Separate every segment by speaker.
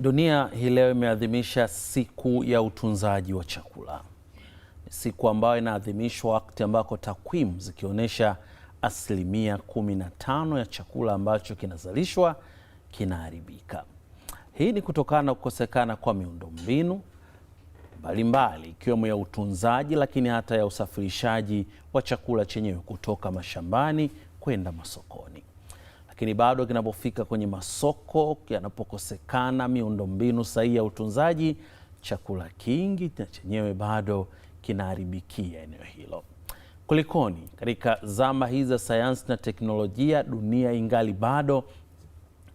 Speaker 1: Dunia hii leo imeadhimisha siku ya utunzaji wa chakula, siku ambayo inaadhimishwa wakati ambako takwimu zikionyesha asilimia 15 ya chakula ambacho kinazalishwa kinaharibika. Hii ni kutokana na kukosekana kwa miundombinu mbalimbali ikiwemo ya utunzaji, lakini hata ya usafirishaji wa chakula chenyewe kutoka mashambani kwenda masokoni lakini bado kinapofika kwenye masoko, yanapokosekana miundombinu sahihi ya utunzaji, chakula kingi na chenyewe bado kinaharibikia eneo hilo. Kulikoni? Katika zama hizi za sayansi na teknolojia, dunia ingali bado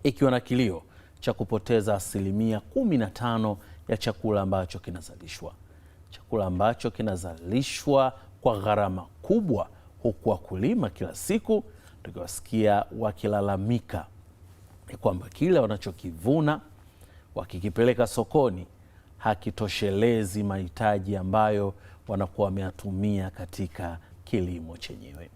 Speaker 1: ikiwa na kilio cha kupoteza asilimia 15 ya chakula ambacho kinazalishwa, chakula ambacho kinazalishwa kwa gharama kubwa, huku wakulima kila siku tukiwasikia wakilalamika ni kwamba kile wanachokivuna wakikipeleka sokoni hakitoshelezi mahitaji ambayo wanakuwa wameyatumia katika kilimo chenyewe.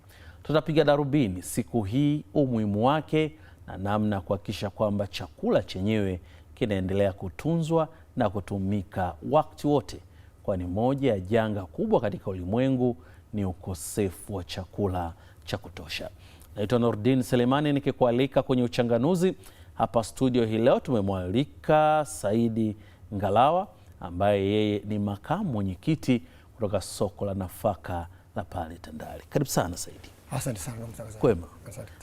Speaker 1: Tutapiga darubini siku hii umuhimu wake na namna ya kuhakikisha kwamba chakula chenyewe kinaendelea kutunzwa na kutumika wakati wote, kwani moja ya janga kubwa katika ulimwengu ni ukosefu wa chakula cha kutosha. Naitwa Nordin Selemani nikikualika kwenye Uchanganuzi. Hapa studio hii leo tumemwalika Saidi Ngalawa ambaye yeye ni makamu mwenyekiti kutoka soko la nafaka la pale Tandale. Karibu sana Saidi. Asante sana mtangazaji. Kwema.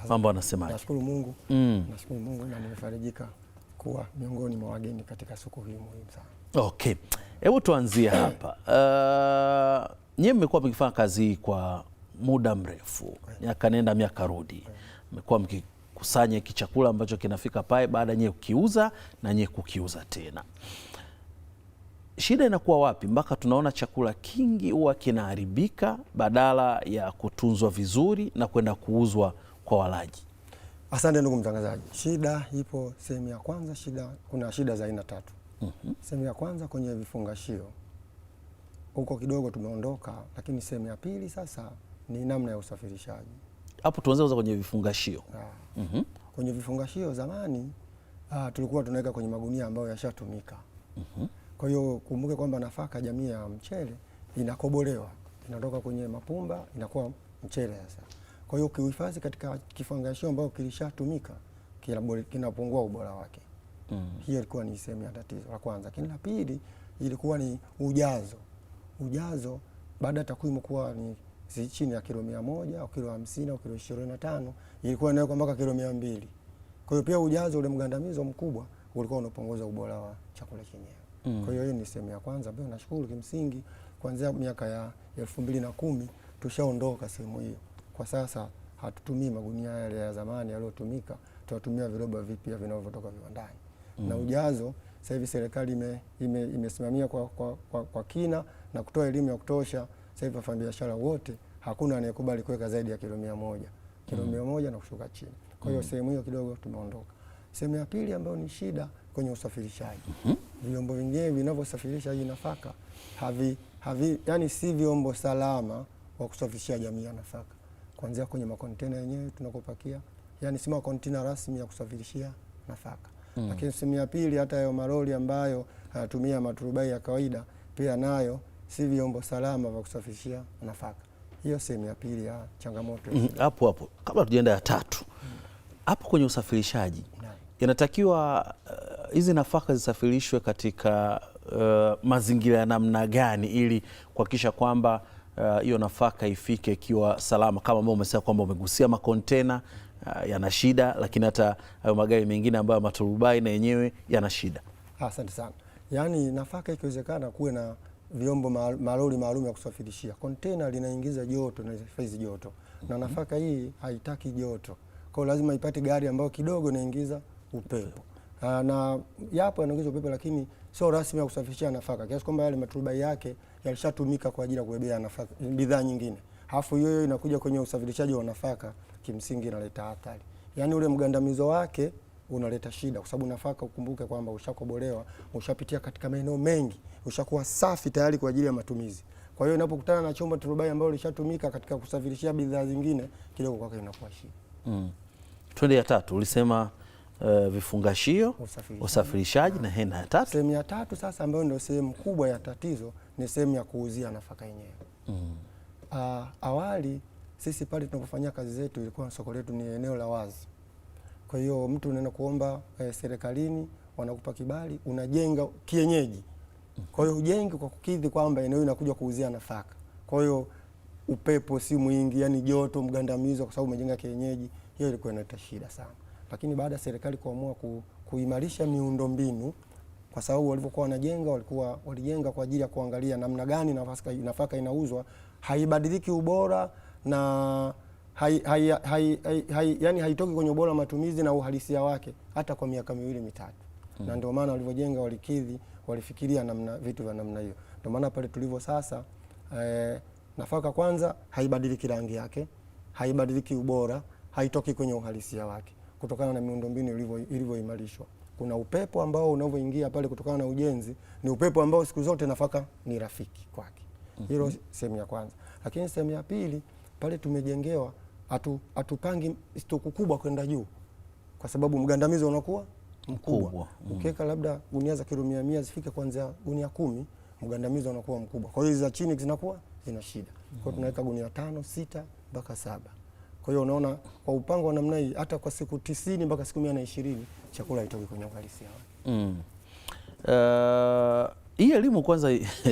Speaker 1: Mambo anasemaje?
Speaker 2: Nashukuru Mungu. Mm. Nashukuru Mungu na nimefarijika kuwa miongoni mwa wageni katika soko hili muhimu sana.
Speaker 1: Okay. Hebu tuanzie hapa. Uh, nyie mmekuwa mkifanya kazi hii kwa muda mrefu, miaka nenda miaka rudi, mmekuwa mkikusanya hiki chakula ambacho kinafika pale, baada nyewe kukiuza na nyewe kukiuza tena. Shida inakuwa wapi mpaka tunaona chakula kingi huwa kinaharibika badala ya kutunzwa vizuri na kwenda kuuzwa kwa walaji?
Speaker 2: Asante ndugu mtangazaji, shida ipo sehemu ya kwanza. Shida kuna shida za aina tatu. mm -hmm. Sehemu ya kwanza kwenye vifungashio, huko kidogo tumeondoka, lakini sehemu ya pili sasa ni namna ya usafirishaji.
Speaker 1: Hapo tuanze kwanza kwenye vifungashio.
Speaker 2: mm -hmm. Kwenye vifungashio zamani uh, tulikuwa tunaweka kwenye magunia ambayo yashatumika. mm -hmm. Kwa hiyo kumbuke kwamba nafaka jamii ya mchele inakobolewa, inatoka kwenye mapumba inakuwa mchele sasa. Kwa hiyo kuhifadhi katika kifungashio ambayo kilishatumika kinapungua ubora wake. mm. Hiyo ilikuwa ni sehemu ya tatizo la kwanza, lakini la pili ilikuwa ni ujazo. Ujazo baada ya takwimu kuwa ni si chini ya kilo mia moja au kilo hamsini au kilo ishirini na tano ilikuwa inawekwa mpaka kilo mia mbili Kwa hiyo pia ujazo ule mgandamizo mkubwa ulikuwa unapunguza ubora wa chakula chenyewe. Mm. Kwa hiyo hii ni sehemu ya kwanza ambayo nashukuru kimsingi kuanzia miaka ya elfu mbili na kumi tushaondoka sehemu hiyo. Kwa sasa hatutumii magunia yale ya zamani yaliyotumika, tunatumia viroba vipya vinavyotoka viwandani. Mm. Na ujazo sasa hivi serikali imesimamia ime, ime kwa, kwa, kwa, kwa kina na kutoa elimu ya kutosha. Sasa hivi wafanyabiashara wote hakuna anayekubali kuweka zaidi ya kilo mia moja kilo mm. mia moja na kushuka chini. Kwa hiyo mm. sehemu hiyo kidogo tumeondoka. Sehemu ya pili ambayo ni shida kwenye usafirishaji mm-hmm. vyombo vingine vinavyosafirisha hii nafaka havi, havi, yani si vyombo salama wa kusafirishia jamii ya nafaka, kuanzia kwenye makontena yenyewe tunakopakia, yani si makontena rasmi ya kusafirishia nafaka mm. Lakini sehemu ya pili hata hayo maroli ambayo anatumia maturubai ya kawaida pia nayo si vyombo salama vya kusafirishia nafaka. Hiyo sehemu ya pili ya changamoto mm,
Speaker 1: hapo hapo, kabla tujaenda ya tatu hapo kwenye usafirishaji inatakiwa uh, hizi uh, nafaka zisafirishwe katika uh, mazingira ya namna gani ili kuhakikisha kwamba uh, hiyo uh, nafaka ifike ikiwa salama, kama ambao umesema kwamba umegusia makontena uh, yana shida, lakini hata hayo magari mengine ambayo maturubai na yenyewe yana shida.
Speaker 2: Asante sana. Yaani nafaka ikiwezekana kuwe na vyombo malori maalum ya kusafirishia. Kontena linaingiza joto na hifadhi joto na nafaka hii haitaki joto, kwa hiyo lazima ipate gari ambayo kidogo inaingiza upepo ah, na yapo yanaongeza upepo lakini sio rasmi ya kusafirishia nafaka, kiasi kwamba yale maturubai yake yalishatumika kwa ajili ya kubebea nafaka bidhaa nyingine, halafu hiyo inakuja kwenye usafirishaji wa nafaka, kimsingi inaleta athari, yaani ule mgandamizo wake unaleta shida, kwa sababu nafaka, ukumbuke kwamba ushakobolewa, ushapitia katika maeneo mengi, ushakuwa safi tayari kwa ajili ya matumizi. Kwa hiyo unapokutana na chombo turubai ambayo lishatumika katika kusafirishia bidhaa zingine, kidogo kwake inakuwa shida. Mm.
Speaker 1: Twende ya tatu, ulisema uh, vifungashio, usafirishaji, usafirishaji na hena ya tatu.
Speaker 2: Sehemu ya tatu sasa ambayo ndio sehemu kubwa ya tatizo ni sehemu ya kuuzia nafaka yenyewe. Mm. Uh, awali sisi pale tunapofanyia kazi zetu ilikuwa soko letu ni eneo la wazi kwa hiyo mtu unaenda kuomba eh, serikalini wanakupa kibali, unajenga kienyeji. Kwa hiyo ujengi kwa kukidhi kwamba eneo inakuja kuuzia nafaka, kwa hiyo upepo si mwingi, yani joto mgandamizo, kwa sababu umejenga kienyeji. Hiyo ilikuwa inaleta shida sana, lakini baada ya serikali kuamua ku, kuimarisha miundombinu kwa sababu walivyokuwa wanajenga walikuwa walijenga kwa ajili ya kuangalia namna gani nafaka, nafaka inauzwa haibadiliki ubora na hai, hai, hai, hai, yani haitoki kwenye ubora wa matumizi na uhalisia wake hata kwa miaka miwili mitatu hmm. Na ndio maana walivyojenga walikidhi, walifikiria namna vitu vya namna hiyo. Ndio maana pale tulivyo sasa eh, nafaka kwanza haibadiliki rangi yake, haibadiliki ubora, haitoki kwenye uhalisia wake kutokana na miundombinu ilivyoimarishwa. Kuna upepo ambao unavyoingia pale kutokana na ujenzi, ni upepo ambao siku zote nafaka ni rafiki kwake. Hmm. Hilo mm -hmm. sehemu ya kwanza, lakini sehemu ya pili pale tumejengewa atu, stoku kubwa kwenda juu, kwa sababu mgandamizo unakuwa mkubwa, mkubwa. Mm. Ukiweka labda gunia za kilo mia mia zifike kuanzia gunia kumi, mgandamizo unakuwa mkubwa, kwa hiyo za chini zinakuwa zina shida. mm. Kwa hiyo mm. tunaweka gunia tano sita mpaka saba. Kwa hiyo unaona kwa upango wa namna hii hata kwa siku tisini mpaka siku mia na ishirini chakula haitoki kwenye uhalisia mm.
Speaker 1: uh... Hii elimu kwanza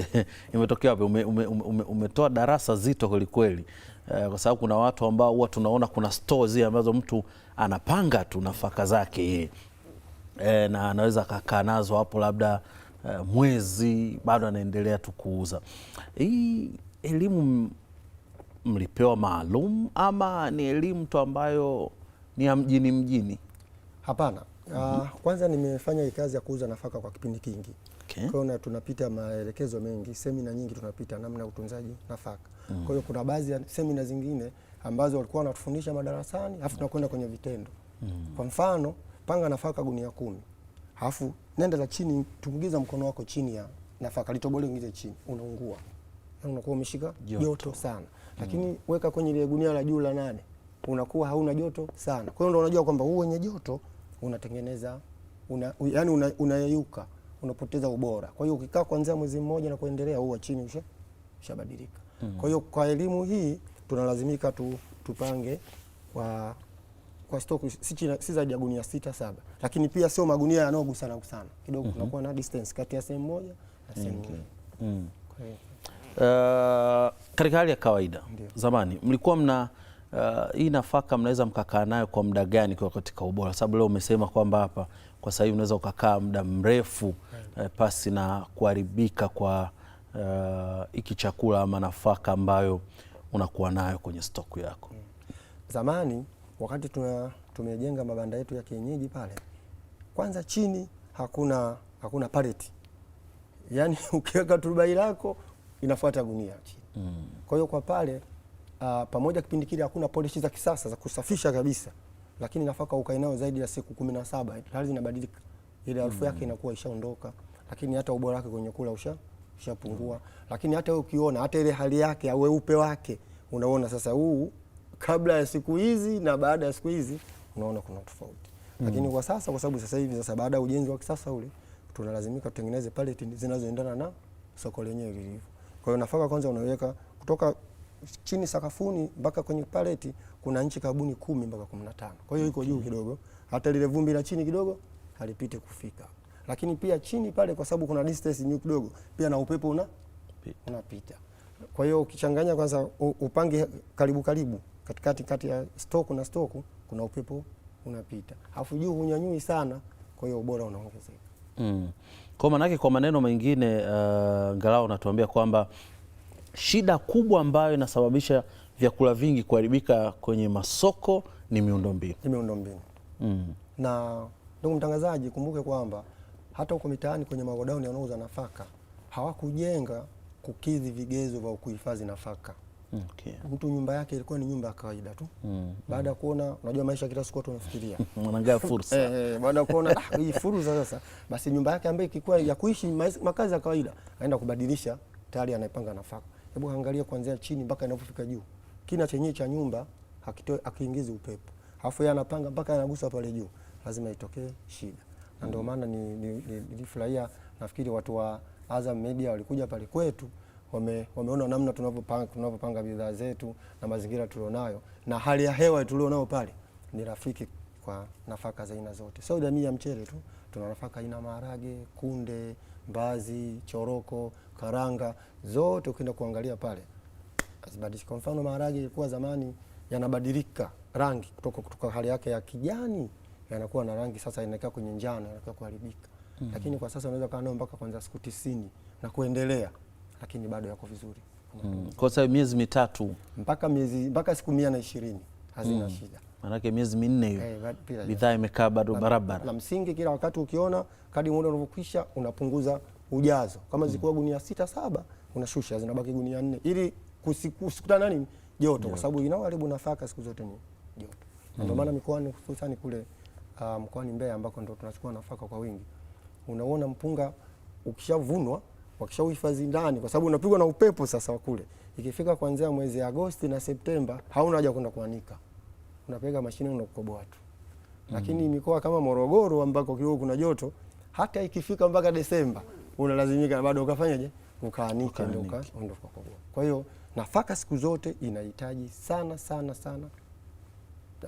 Speaker 1: imetokea wapi? Umetoa ume, ume, ume darasa zito kwelikweli eh, kwa sababu kuna watu ambao huwa tunaona kuna stores ambazo mtu anapanga tu nafaka zake yeye eh, na anaweza akakaa nazo hapo labda eh, mwezi bado anaendelea tu kuuza. Hii elimu mlipewa maalum ama ni elimu tu ambayo ni ya mjini mjini?
Speaker 2: Hapana. Mm -hmm. Uh, kwanza nimefanya kazi ya kuuza nafaka kwa kipindi kingi. Okay. Kwa hiyo tunapita maelekezo mengi, semina nyingi tunapita namna ya utunzaji nafaka mm. Kwa hiyo kuna baadhi ya semina zingine ambazo walikuwa wanatufundisha madarasani alafu tunakwenda kwenye vitendo. mm. Kwa mfano, panga nafaka gunia kumi alafu nenda la chini, tumgiza mkono wako chini ya nafaka litobole, ingize chini, unaungua na unakuwa umeshika
Speaker 1: joto sana, mm.
Speaker 2: lakini mm. weka kwenye ile gunia la juu la nane, unakuwa hauna joto sana. Kwa hiyo ndio unajua kwamba huu wenye joto unatengeneza una, yani una, unapoteza ubora. Kwa hiyo ukikaa kuanzia mwezi mmoja na kuendelea, huu chini ushabadilika. Mm-hmm. Kwa hiyo kwa elimu hii tunalazimika tu, tupange kwa, kwa stock si, si zaidi ya gunia sita saba, lakini pia sio magunia yanayogusana gusana kidogo. mm -hmm. na distance kati ya sehemu moja na sehemu okay. Mm-hmm. nyingine. mm.
Speaker 1: Uh, katika hali ya kawaida Ndiyo. Zamani mlikuwa mna uh, hii nafaka mnaweza mkakaa nayo kwa muda gani kwa katika ubora, sababu leo umesema kwamba hapa kwa sasa hivi unaweza ukakaa muda mrefu uh, pasi na kuharibika kwa Uh, hiki uh, chakula ama nafaka ambayo unakuwa nayo kwenye stoku yako.
Speaker 2: Zamani wakati tuna, tumejenga mabanda yetu ya kienyeji pale, kwanza chini hakuna, hakuna paleti, yaani ukiweka turubai lako inafuata gunia chini mm. Kwa hiyo kwa pale uh, pamoja kipindi kile hakuna polishi za kisasa za kusafisha kabisa, lakini nafaka ukae nayo zaidi ya siku kumi na saba tayari zinabadilika ile harufu mm. yake inakuwa ishaondoka, lakini hata ubora wake kwenye kula usha mm. lakini hata ukiona hata ile hali yake au weupe wake unaona sasa huu kabla ya siku hizi na baada ya siku hizi unaona kuna tofauti. mm. Lakini hmm. kwa sasa, kwa sababu sasa hivi sasa baada ya ujenzi wa kisasa ule tunalazimika tutengeneze paleti zinazoendana na soko lenyewe lilivyo. Kwa hiyo nafaka kwanza unaweka kutoka chini sakafuni mpaka kwenye paleti kuna nchi kabuni kumi mpaka kumi na tano. Kwa hiyo iko juu kidogo, hata lile vumbi la chini kidogo halipite kufika lakini pia chini pale, kwa sababu kuna distance nyingi kidogo, pia na upepo una unapita. Kwa hiyo ukichanganya kwanza, upange karibu karibu, katikati kati ya stoku na stoku, kuna upepo unapita, alafu juu hunyanyui sana, kwa hiyo ubora unaongezeka. Mm.
Speaker 1: Kwa maanake, kwa maneno mengine uh, Ngalao natuambia kwamba shida kubwa ambayo inasababisha vyakula vingi kuharibika kwenye masoko ni miundombinu,
Speaker 2: ni miundombinu. Mm. Na ndugu mtangazaji, kumbuke kwamba hata huko mitaani kwenye magodauni yanauza nafaka hawakujenga kukidhi vigezo vya kuhifadhi nafaka. Mm, okay. Mtu nyumba yake ilikuwa ni nyumba ya kawaida tu. Mm. mm. Baada ya kuona unajua maisha kila siku watu wanafikiria.
Speaker 1: Wanaangalia fursa. Eh,
Speaker 2: eh, baada ya kuona ah, hii fursa sasa basi nyumba yake ambayo ilikuwa ya kuishi makazi ya kawaida aenda kubadilisha tayari anaipanga nafaka. Hebu angalia kuanzia chini mpaka inapofika juu. Kina chenye cha nyumba hakitoi akiingizi upepo. Alafu yeye anapanga mpaka anagusa pale juu. Lazima itokee shida na ndio maana nilifurahia ni, ni, ni nafikiri watu wa Azam Media walikuja pale kwetu wame, wameona namna tunavyopanga tunavyopanga bidhaa zetu na mazingira tulionayo na hali ya hewa tulionayo pale ni rafiki kwa nafaka za aina zote, sio jamii ya mchele tu. Tuna nafaka aina maharage, kunde, mbazi, choroko, karanga zote, ukienda kuangalia pale hazibadiliki. Kwa mfano maharage ilikuwa zamani yanabadilika rangi kutoka kutoka hali yake ya kijani yanakuwa na rangi sasa inakaa kwenye njano yanakaa kuharibika. Mm. -hmm. Lakini kwa sasa unaweza kaa nayo mpaka kwanza siku tisini na kuendelea lakini bado yako vizuri.
Speaker 1: Mm. Kwa sababu miezi mitatu
Speaker 2: mpaka miezi mpaka siku mia na ishirini hazina mm. shida.
Speaker 1: Maanake miezi minne hiyo hey, eh, bidhaa imekaa bado barabara.
Speaker 2: Na msingi kila wakati ukiona kadi muda unavyokwisha unapunguza ujazo. Kama hmm. zilikuwa gunia sita saba unashusha zinabaki gunia nne ili kusikutana nani joto, kwa sababu inaoharibu nafaka siku zote ni joto. Ndio hmm. maana mikoani hususani kule uh, mkoani Mbeya ambako ndo tunachukua nafaka kwa wingi. Unaona mpunga ukishavunwa wakishauhifadhi ndani, kwa sababu unapigwa na upepo sasa kule, ikifika kuanzia mwezi Agosti na Septemba hauna haja kwenda kuanika, unapeleka mashine na kukoboa tu. Lakini mm. mikoa kama Morogoro ambako kidogo kuna joto, hata ikifika mpaka Desemba unalazimika bado ukafanyaje, ukaanika ndio ukaondoka kukoboa. Kwa hiyo nafaka siku zote inahitaji sana sana sana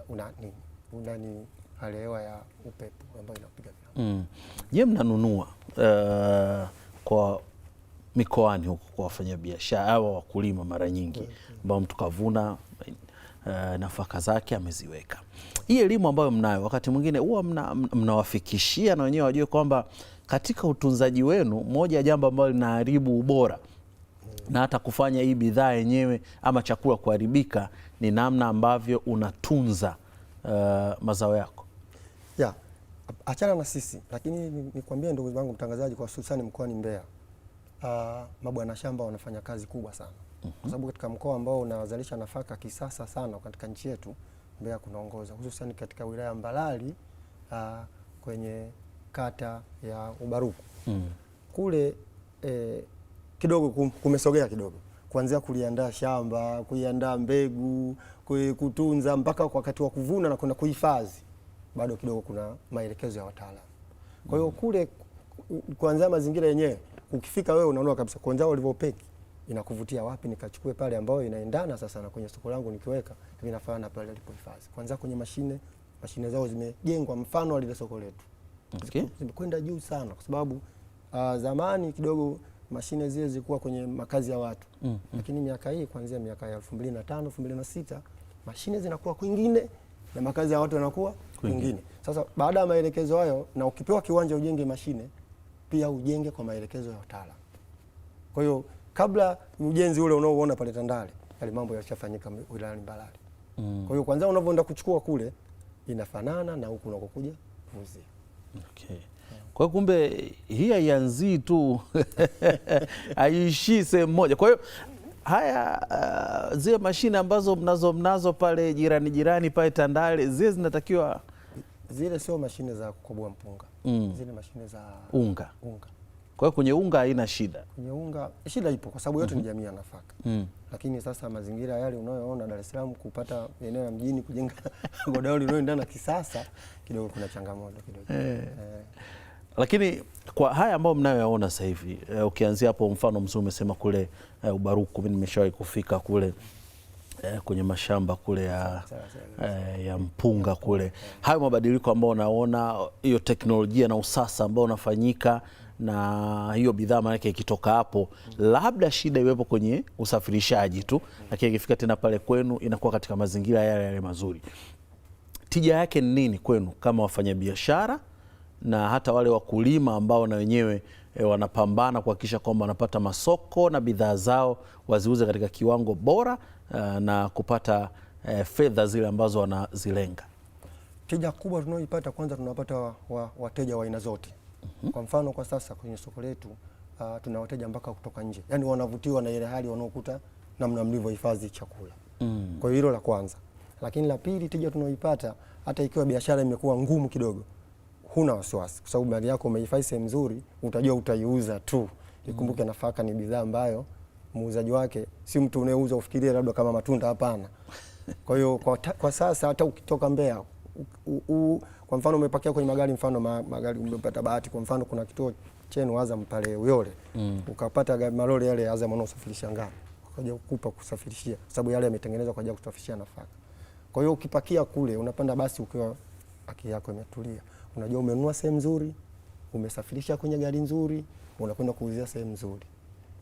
Speaker 2: una, ni, una, ni, hali ya hewa ya upepo ambayo inapiga vilabu. Mm.
Speaker 1: Je, mnanunua uh, kwa mikoani huko kwa wafanyabiashara au wakulima mara nyingi mm, mm. ambao mtu kavuna uh, nafaka zake ameziweka. Hii elimu ambayo mnayo wakati mwingine huwa mnawafikishia mna na wenyewe wajue kwamba katika utunzaji wenu, moja ya jambo ambalo linaharibu ubora mm. na hata kufanya hii bidhaa yenyewe ama chakula kuharibika ni namna ambavyo unatunza uh, mazao yako
Speaker 2: achana na sisi, lakini nikwambie ndugu zangu mtangazaji, kwa hususani mkoani Mbeya, uh, mabwana shamba wanafanya kazi kubwa sana mm -hmm. kwa sababu katika mkoa ambao unazalisha nafaka kisasa sana katika nchi yetu Mbeya kunaongoza hususan katika wilaya Mbalali uh, kwenye kata ya Ubaruku mm. kule eh, kidogo kumesogea kidogo kuanzia kuliandaa shamba, kuiandaa mbegu, kutunza mpaka wakati wa kuvuna na kuna kuhifadhi bado kidogo kuna maelekezo ya wataalamu. Kwa hiyo kule kuanzia mazingira yenyewe, ukifika wewe unaona kabisa kuanzia ulivyopeki inakuvutia wapi, nikachukue pale ambayo inaendana sasa na kwenye soko langu, nikiweka vinafanana pale alipohifadhi. Kwanza kwenye mashine, mashine zao zimejengwa mfano lile soko letu, okay. zimekwenda juu sana kwa sababu uh, zamani kidogo mashine zile zilikuwa kwenye makazi ya watu mm, mm. lakini miaka hii kuanzia miaka ya 2005 2006 mashine zinakuwa kwingine na makazi ya watu yanakuwa kwingine. Sasa baada ya maelekezo hayo, na ukipewa kiwanja ujenge mashine, pia ujenge kwa maelekezo ya wataalamu. Kwa hiyo kabla ujenzi ule unaoona pale Tandale, yale mambo yalishafanyika wilayani Mbarali. Mm. Kwa hiyo kwanza unavyoenda kuchukua kule inafanana na huku unakokuja kuuzia. Okay.
Speaker 1: Kwa kumbe hii haianzii tu, haiishii sehemu moja. Kwa hiyo haya uh, zile mashine ambazo mnazo mnazo pale jirani jirani pale Tandale zile zinatakiwa
Speaker 2: zile sio mashine za kukoboa mpunga mm. Zile mashine za
Speaker 1: unga unga. Kwa hiyo kwenye unga haina shida,
Speaker 2: kwenye unga shida ipo kwa sababu yote mm -hmm. ni mm-hmm. jamii ya nafaka mm. Lakini sasa mazingira yale unayoona Dar es Salaam, kupata eneo la mjini kujenga godauli unayoendana na kisasa kidogo, kuna changamoto kidogo eh. Eh.
Speaker 1: Lakini kwa haya ambayo mnayoyaona sasa hivi e, ukianzia hapo mfano mzuri umesema kule e, Ubaruku, mimi nimeshawahi kufika kule e, kwenye mashamba kule ya, e, ya mpunga kule, hayo mabadiliko ambayo unaona, hiyo teknolojia na usasa ambao unafanyika na hiyo bidhaa maanake ikitoka hapo, labda shida iwepo kwenye usafirishaji tu, lakini ikifika tena pale kwenu inakuwa katika mazingira yale yale mazuri. Tija yake ni nini kwenu kama wafanyabiashara? na hata wale wakulima ambao na wenyewe e, wanapambana kuhakikisha kwamba wanapata masoko na bidhaa zao waziuze katika kiwango bora a, e, na kupata e, fedha zile ambazo wanazilenga.
Speaker 2: Tija kubwa tunaoipata, kwanza tunapata wateja wa aina wa zote. mm -hmm. Kwa mfano kwa sasa kwenye soko letu uh, tuna wateja mpaka kutoka nje, yaani wanavutiwa na ile hali wanaokuta namna mlivyohifadhi chakula. mm. Kwa hiyo hilo la kwanza, lakini la pili, tija tunaoipata hata ikiwa biashara imekuwa ngumu kidogo huna wasiwasi, kwa sababu mali yako umehifadhi sehemu nzuri, utajua utaiuza tu. Ikumbuke mm. nafaka ni bidhaa ambayo muuzaji wake si mtu unayeuza ufikirie labda kama matunda, hapana. Kwa hiyo kwa, kwa sasa hata ukitoka Mbeya u, u, kwa mfano umepakia kwenye magari, mfano ma, magari umepata bahati, kwa mfano kuna kituo chenu Azam pale Uyole mm. ukapata malori yale Azam anaosafirisha ngano ukaja kukupa kusafirishia, kwa sababu yale yametengenezwa kwa ajili ya kusafirishia nafaka. Kwa hiyo ukipakia kule unapanda basi ukiwa akili yako imetulia. Unajua umenunua sehemu nzuri, umesafirisha kwenye gari nzuri, unakwenda kuuzia sehemu nzuri.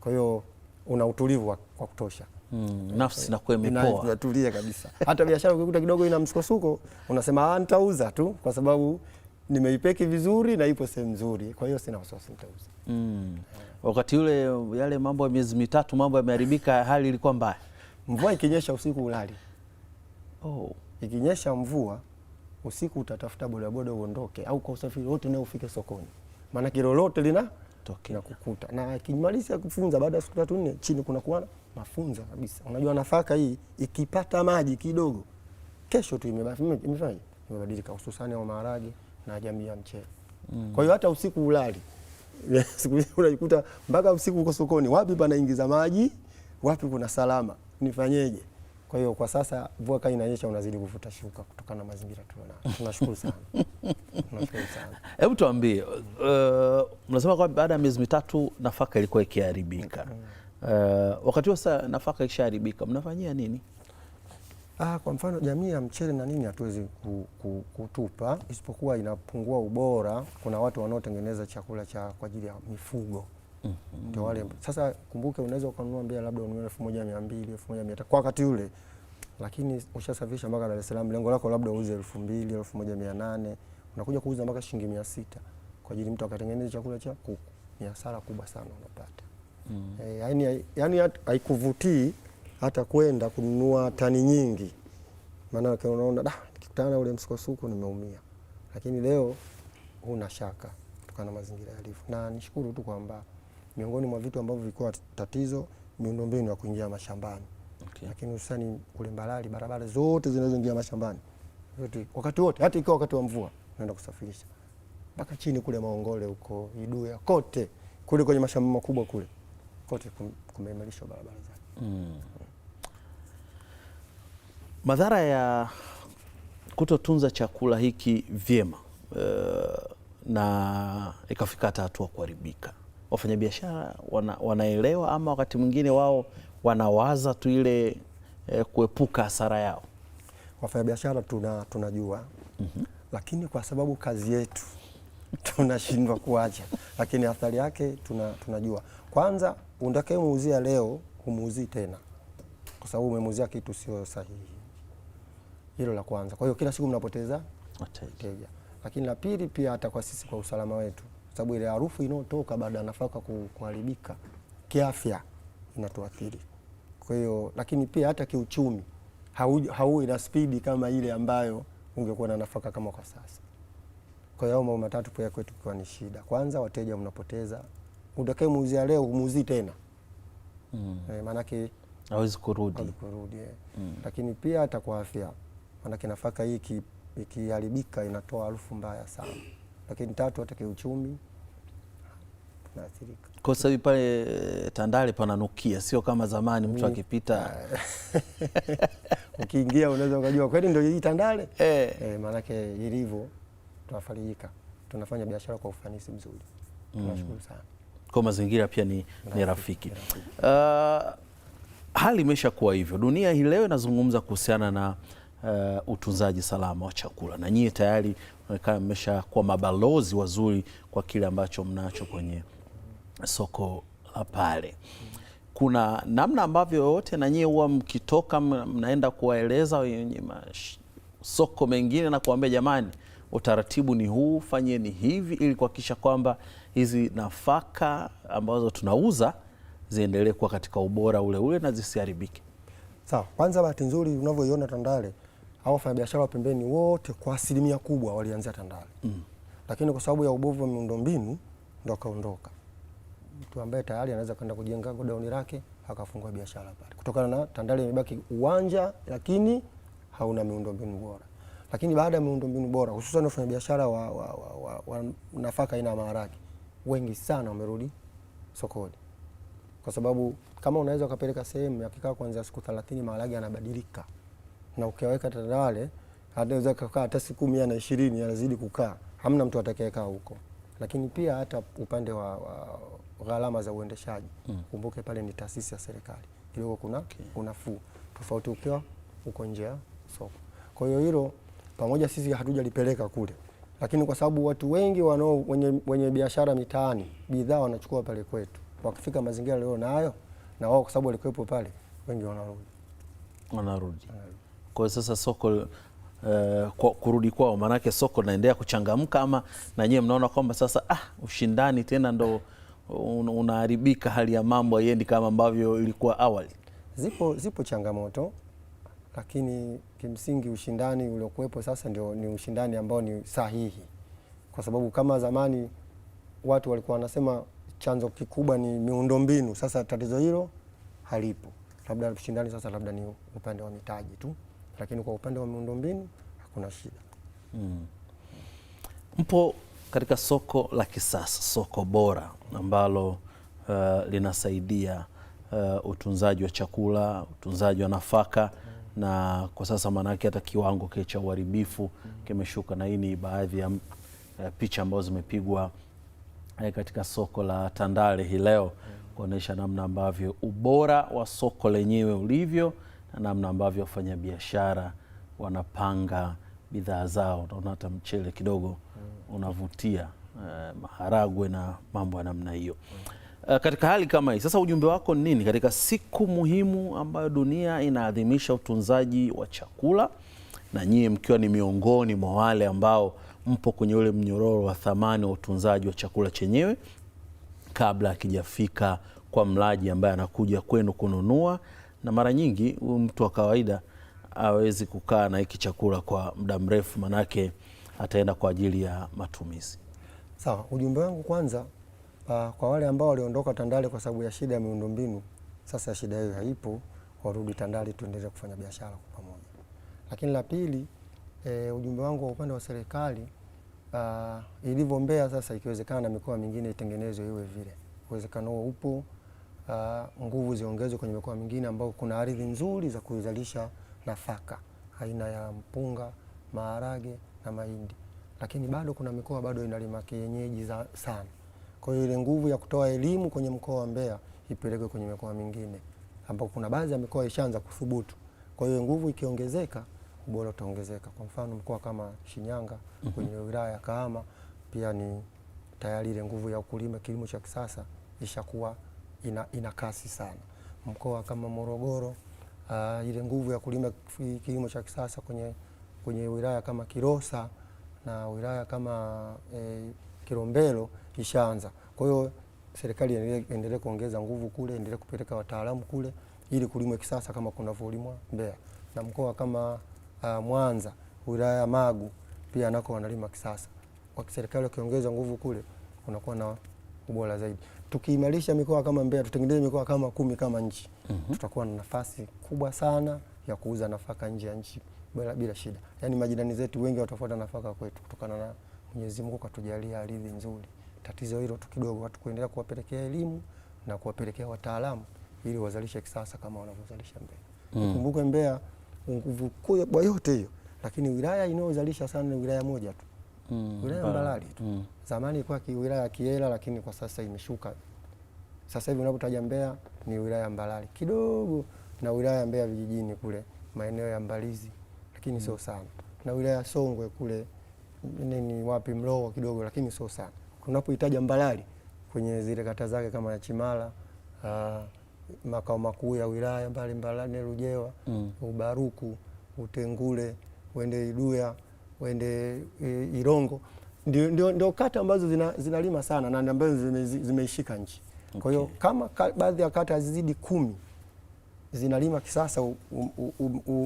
Speaker 2: Kwa hiyo una utulivu wa, kutosha.
Speaker 1: Mm, nafsi inakuwa imepoa.
Speaker 2: Inatulia kabisa. Hata biashara ukikuta kidogo ina msukosuko, unasema ah, nitauza tu kwa sababu nimeipeki vizuri na ipo sehemu nzuri, kwa hiyo sina wasiwasi nitauza. Mm.
Speaker 1: Wakati ule yale mambo ya miezi mitatu mambo yameharibika, hali ilikuwa mbaya.
Speaker 2: Mvua ikinyesha usiku ulali. Oh, ikinyesha mvua usiku utatafuta bodaboda uondoke, au kwa usafiri wote na ufike sokoni, maana kilolote lina
Speaker 1: tokea kukuta.
Speaker 2: Na kimaliza kufunza baada ya siku tatu nne, chini kuna kuwa mafunzo kabisa. Unajua nafaka hii ikipata maji kidogo, kesho tu imefanya imebadilika, hususan ya maharage na jamii ya mchele. Mm. Kwa hiyo hata usiku ulali unajikuta mpaka usiku uko sokoni, wapi panaingiza maji, wapi kuna salama, nifanyeje? Kwa hiyo kwa sasa mvua kali inanyesha, unazidi kuvuta shuka kutokana na mazingira tunayo. Tunashukuru sana,
Speaker 1: tunashukuru sana. Hebu tuambie, uh, mnasema kwamba baada ya miezi mitatu nafaka ilikuwa ikiharibika. Mm. Uh, wakati huo sasa nafaka ikishaharibika mnafanyia nini?
Speaker 2: Ah, kwa mfano jamii ya mchele na nini hatuwezi kutupa, isipokuwa inapungua ubora. Kuna watu wanaotengeneza chakula cha kwa ajili ya mifugo mm -hmm. Ndio wale sasa, kumbuke unaweza ukanunua mbea labda ununue elfu moja mia mbili elfu moja mia tatu kwa wakati ule, lakini ushasafirisha mpaka Dar es Salaam, lengo lako labda uuze elfu mbili elfu moja mia nane unakuja kuuza mpaka shilingi mia sita kwa ajili mtu akatengeneza chakula cha kuku, ni hasara kubwa sana unapata. Mm. -hmm. Eh, e, yani, yani haikuvutii hata kwenda kununua tani nyingi, maana unaona da, nikikutana ule msukosuko nimeumia, lakini leo huna shaka kutokana na mazingira yalivyo, na nishukuru tu kwamba miongoni mwa vitu ambavyo vilikuwa tatizo miundombinu ya kuingia mashambani okay. Lakini hususani kule Mbalali barabara zote zinazoingia mashambani yote, wakati wote, hata ikiwa wakati wa mvua naenda kusafirisha mpaka chini kule Maongole huko Iduya kote kule kwenye mashamba makubwa kule kote kumeimarishwa barabara zake mm.
Speaker 1: Madhara ya kutotunza chakula hiki vyema uh, na ikafika hata hatua kuharibika wafanyabiashara wana, wanaelewa ama wakati mwingine wao wanawaza tu ile eh, kuepuka hasara yao?
Speaker 2: Wafanyabiashara tuna, tunajua mm -hmm. Lakini kwa sababu kazi yetu tunashindwa kuacha, lakini athari yake tuna, tunajua. Kwanza utakayemuuzia leo humuuzii tena, kwa sababu umemuuzia kitu sio sahihi. Hilo la kwanza. Kwa hiyo kila siku mnapoteza wateja, lakini la pili pia hata kwa sisi kwa usalama wetu sababu ile harufu inayotoka baada ya nafaka kuharibika kiafya inatuathiri. Kwa hiyo lakini pia hata kiuchumi hau ina spidi kama ile ambayo ungekuwa na nafaka kama kwa sasa. Kwa hiyo mambo matatu pia kwetu kwa ni shida. Kwanza wateja mnapoteza, utakaye muuzia leo humuuzii tena mm.
Speaker 1: E, maanake hawezi kurudi, hawezi kurudi yeah.
Speaker 2: mm. Lakini pia hata kwa afya, maanake nafaka hii ikiharibika inatoa harufu mbaya sana lakini tatu hata kiuchumi
Speaker 1: tunaathirika. Kwa sababu pale eh, Tandale pananukia, sio kama zamani mtu mm. akipita
Speaker 2: ukiingia unaweza ukajua kweli ndio hii Tandale eh. Eh, maanake ilivyo tunafarijika, tunafanya biashara kwa ufanisi mzuri mm. Tunashukuru sana
Speaker 1: kwa mazingira pia ni, ni rafiki, ni rafiki. Uh, hali kuwa hivyo. Dunia hii leo inazungumza kuhusiana na uh, utunzaji salama wa chakula na nyie tayari mnaonekana mmeshakuwa mabalozi wazuri kwa kile ambacho mnacho kwenye soko la pale. Kuna namna ambavyo yote na nyie huwa mkitoka mnaenda kuwaeleza wenye masoko mengine na kuambia jamani, utaratibu ni huu, fanyeni hivi ili kuhakikisha kwamba hizi nafaka ambazo tunauza ziendelee kuwa katika ubora ule ule na zisiharibike.
Speaker 2: Sawa, kwanza bahati nzuri unavyoiona Tandale au wafanyabiashara wa pembeni wote kwa asilimia kubwa walianzia Tandale mm. Lakini kwa sababu ya ubovu wa miundombinu ndo akaondoka mtu ambaye tayari anaweza kwenda kujenga godauni lake akafungua biashara pale, kutokana na Tandale imebaki uwanja lakini hauna miundombinu bora. Lakini baada ya miundombinu bora, hususan biashara wa, wa, wa, wa, wa nafaka aina ya maharage wengi sana wamerudi sokoni, kwa sababu kama unaweza ukapeleka sehemu yakikaa kuanzia siku 30 maharage yanabadilika na ukiweka tata wale anaweza kukaa hata siku mia na ishirini anazidi kukaa, hamna mtu atakayekaa huko. Lakini pia hata upande wa, wa gharama za uendeshaji mm. Kumbuke pale ni taasisi ya serikali ilio kuna okay. unafuu tofauti ukiwa uko nje ya soko. Kwa hiyo hilo pamoja, sisi hatujalipeleka kule, lakini kwa sababu watu wengi wanao wenye, wenye biashara mitaani bidhaa wanachukua pale kwetu, wakifika mazingira leo nayo na wao, kwa sababu walikuwepo pale, wengi wanarudi
Speaker 1: wanarudi, wanarudi. Kwa hiyo sasa soko uh, kwa, kurudi kwao, maanake soko linaendelea kuchangamka ama na nyewe mnaona kwamba sasa ah, ushindani tena ndo unaharibika, hali ya mambo haiendi kama ambavyo ilikuwa awali?
Speaker 2: Zipo, zipo changamoto lakini kimsingi ushindani uliokuwepo sasa ndio ni ushindani ambao ni sahihi, kwa sababu kama zamani watu walikuwa wanasema chanzo kikubwa ni miundombinu, sasa tatizo hilo halipo. Labda ushindani sasa labda ni upande wa mitaji tu lakini kwa upande wa miundombinu hakuna shida mm.
Speaker 1: Mpo katika soko la kisasa, soko bora ambalo uh, linasaidia uh, utunzaji wa chakula, utunzaji wa nafaka mm. na kwa sasa maanake hata kiwango kile cha uharibifu mm. kimeshuka, na hii ni baadhi ya uh, picha ambazo zimepigwa uh, katika soko la Tandale hii leo mm. kuonyesha namna ambavyo ubora wa soko lenyewe ulivyo namna ambavyo wafanyabiashara wanapanga bidhaa zao. Unaona hata mchele kidogo mm. unavutia, eh, maharagwe na mambo ya namna hiyo. Uh, katika hali kama hii sasa, ujumbe wako ni nini katika siku muhimu ambayo dunia inaadhimisha utunzaji wa chakula na nyie mkiwa ni miongoni mwa wale ambao mpo kwenye ule mnyororo wa thamani wa utunzaji wa chakula chenyewe kabla akijafika kwa mlaji ambaye anakuja kwenu kununua na mara nyingi huyu mtu wa kawaida hawezi kukaa na hiki chakula kwa muda mrefu, manake ataenda kwa ajili ya matumizi.
Speaker 2: Sawa, ujumbe wangu kwanza, uh, kwa wale ambao waliondoka Tandale kwa sababu ya shida ya miundombinu, sasa ya shida hiyo haipo, warudi Tandale tuendelee kufanya biashara kwa pamoja. Lakini la pili, e, ujumbe wangu wa upande wa serikali uh, ilivyo Mbeya sasa, ikiwezekana na mikoa mingine itengenezwe iwe vile, uwezekano huo upo uh, nguvu ziongezwe kwenye mikoa mingine ambao kuna ardhi nzuri za kuzalisha nafaka aina ya mpunga, maharage na mahindi, lakini bado kuna mikoa bado inalima kienyeji sana. Kwa hiyo ile nguvu ya kutoa elimu kwenye mkoa wa Mbeya ipelekwe kwenye mikoa mingine ambapo kuna baadhi ya mikoa ishaanza kuthubutu. Kwa hiyo nguvu ikiongezeka, ubora utaongezeka. Kwa mfano mkoa kama Shinyanga mhm. kwenye wilaya ya Kahama pia ni tayari ile nguvu ya ukulima kilimo cha kisasa ishakuwa ina, ina kasi sana mkoa kama Morogoro. Uh, ile nguvu ya kulima kilimo cha kisasa kwenye, kwenye wilaya kama Kilosa na wilaya kama eh, Kilombero ishaanza. Kwa hiyo serikali endelee kuongeza nguvu kule, endelee kupeleka wataalamu kule ili kulimwe kisasa kama kunavyolimwa Mbeya na mkoa kama uh, Mwanza wilaya ya Magu pia nako wanalima kisasa. Serikali wakiongeza nguvu kule, unakuwa na ubora zaidi tukiimarisha mikoa kama Mbeya, tutengeneze mikoa kama kumi kama nchi mm -hmm. tutakuwa na nafasi kubwa sana ya kuuza nafaka nje ya nchi bila, bila shida. Yaani majirani zetu wengi watafuata nafaka kwetu kutokana na Mwenyezi Mungu katujalia ardhi nzuri. Tatizo hilo tu kidogo, watu kuendelea kuwapelekea elimu na kuwapelekea wataalamu ili wazalishe kisasa kama wanavyozalisha Mbeya. Mm. mm. Mbeya nguvu kubwa yote hiyo, lakini wilaya inayozalisha sana ni wilaya moja tu mm, wilaya tu mm. Zamani ilikuwa wilaya ya Kiela lakini kwa sasa imeshuka. Sasa hivi unapotaja Mbeya ni wilaya Mbalali kidogo na wilaya ya Mbeya vijijini kule maeneo ya Mbalizi lakini mm. sio sana, na wilaya ya Songwe kule nini wapi Mlowo kidogo lakini sio sana. Tunapohitaja Mbalali kwenye zile kata zake kama ya Chimala uh, makao makuu ya wilaya mbalimbali Lujewa mm. Ubaruku Utengule uende Iduya uende e, Irongo ndio, ndio, ndio kata ambazo zinalima zina, sana na ambazo zimeishika zime nchi okay. Kwa hiyo kama ka, baadhi ya kata zizidi kumi zinalima kisasa,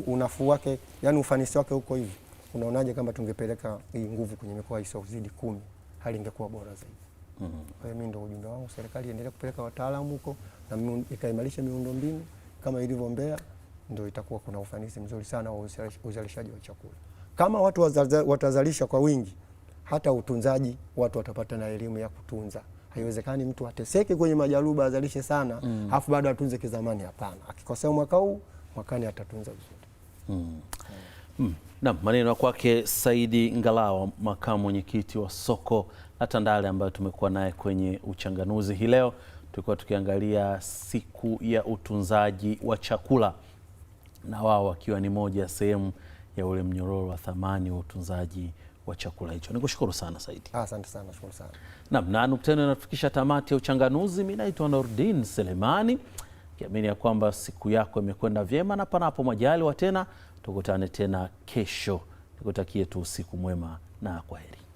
Speaker 2: unafuu wake yani ufanisi wake huko hivi, unaonaje kama tungepeleka hii nguvu kwenye mikoa isiyozidi kumi, hali ingekuwa bora zaidi. Mm -hmm. Kwa hiyo mimi ndio ujumbe wangu, serikali iendelee kupeleka wataalamu huko na ikaimarisha miundombinu kama ilivyo Mbeya, ndio itakuwa kuna ufanisi mzuri sana wa uzalishaji wa chakula. Kama watu watazalisha kwa wingi, hata utunzaji watu watapata na elimu ya kutunza. Haiwezekani mtu ateseke kwenye majaruba azalishe sana mm. afu bado atunze kizamani. Hapana, akikosea mwaka huu mwakani atatunza vizuri mm.
Speaker 1: mm. Naam, maneno kwake Saidi Ngalawa, makamu mwenyekiti wa soko la Tandale, ambayo tumekuwa naye kwenye uchanganuzi hii leo. Tulikuwa tukiangalia siku ya utunzaji wa chakula na wao wakiwa ni moja sehemu ya ule mnyororo wa thamani wa utunzaji wa chakula hicho. Nikushukuru sana Saidi.
Speaker 2: Ah, asante sana, nashukuru sana.
Speaker 1: Naam, na nukta hiyo inatufikisha tamati ya uchanganuzi. Mimi naitwa Nurdin Selemani, kiamini ya kwamba siku yako imekwenda vyema, na panapo wa tena tukutane tena kesho. Nikutakie tu usiku mwema na kwaheri.